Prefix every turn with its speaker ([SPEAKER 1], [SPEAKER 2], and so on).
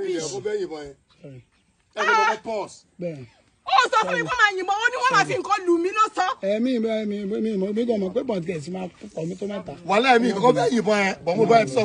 [SPEAKER 1] rubbish. Ah! ó sọ fún mi wọ́n máa yìnbọn
[SPEAKER 2] ó ní wọ́n máa fi nǹkan lù mí ló sọ. ẹ mi mi mi mi mi gan mọ pé bọ̀ǹtì kẹ̀sì máa kọ́ mi tó mẹ́ta. wàhálà mi kò bẹ́ẹ̀ yìnbọn ẹ bọ̀ mo bá ẹ sọ fún.